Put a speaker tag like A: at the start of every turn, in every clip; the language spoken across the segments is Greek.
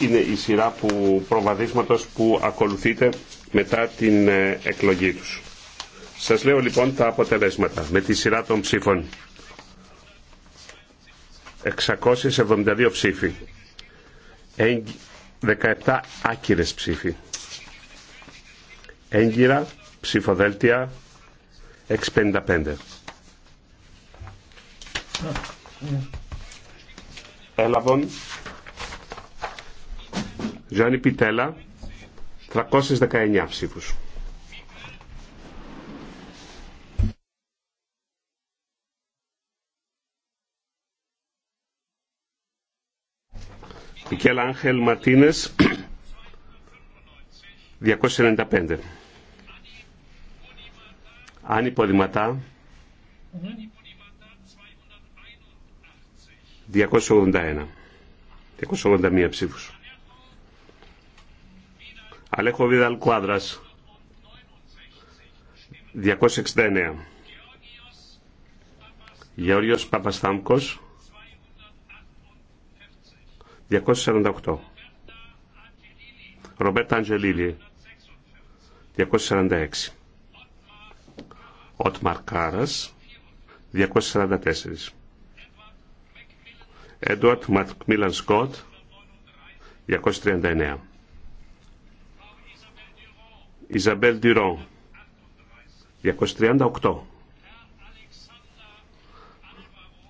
A: είναι η σειρά που προβαδίσματος που ακολουθείτε μετά την ε, εκλογή τους. Σας λέω λοιπόν τα αποτελέσματα με τη σειρά των ψήφων. 672 ψήφοι. 17 άκυρες ψήφοι. Έγκυρα ψηφοδέλτια 655. Έλαβον Ζωάννη Πιτέλα, 319 ψήφους. Μικέλ Άγχελ Ματίνες, 295. Άννη Ποδηματά, 281. 281 ψήφους. Αλέχο Βιδαλ 269 Γεώργιος Παπαστάμκος 248 Ρομπέρτα Αντζελίλη 246 Ότμαρ Κάρα, 244 Έντουαρτ Μακμίλαν Σκότ 239 Ιζαμπέλ Ντυρό. 238.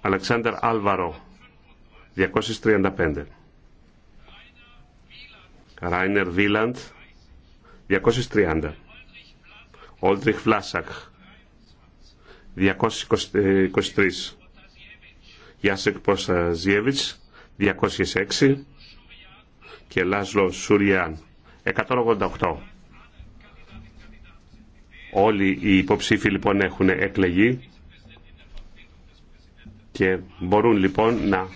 A: Αλεξάνδρ Άλβαρο. 235. Ράινερ Βίλαντ. 230. Όλτριχ Φλάσακ, 223. Ε, Γιάσεκ Ποσαζιέβιτς. 206. Και Λάσλο Σουριάν. 188. Όλοι οι υποψήφοι λοιπόν έχουν εκλεγεί και μπορούν λοιπόν να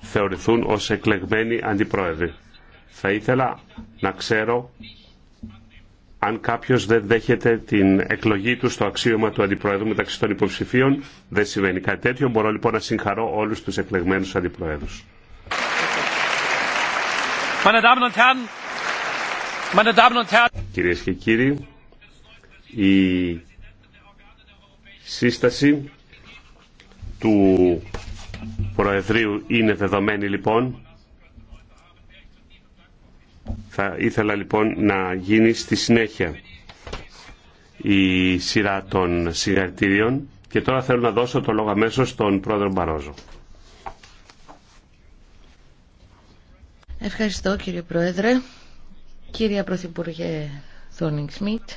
A: θεωρηθούν ως εκλεγμένοι αντιπρόεδροι. Θα ήθελα να ξέρω αν κάποιος δεν δέχεται την εκλογή του στο αξίωμα του αντιπρόεδρου μεταξύ των υποψηφίων, δεν συμβαίνει κάτι τέτοιο. Μπορώ λοιπόν να συγχαρώ όλους τους εκλεγμένους αντιπροέδρους. Κυρίες και κύριοι, η σύσταση του Προεδρείου είναι δεδομένη λοιπόν. Θα ήθελα λοιπόν να γίνει στη συνέχεια η σειρά των συγχαρητήριων και τώρα θέλω να δώσω το λόγο αμέσως στον πρόεδρο Μπαρόζο. Ευχαριστώ κύριε Πρόεδρε, κύρια Πρωθυπουργέ Θόνινγκ Σμιτ,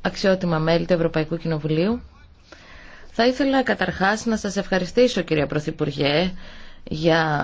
A: αξιότιμα μέλη του Ευρωπαϊκού Κοινοβουλίου. Θα ήθελα καταρχάς να σας ευχαριστήσω κυρία Πρωθυπουργέ για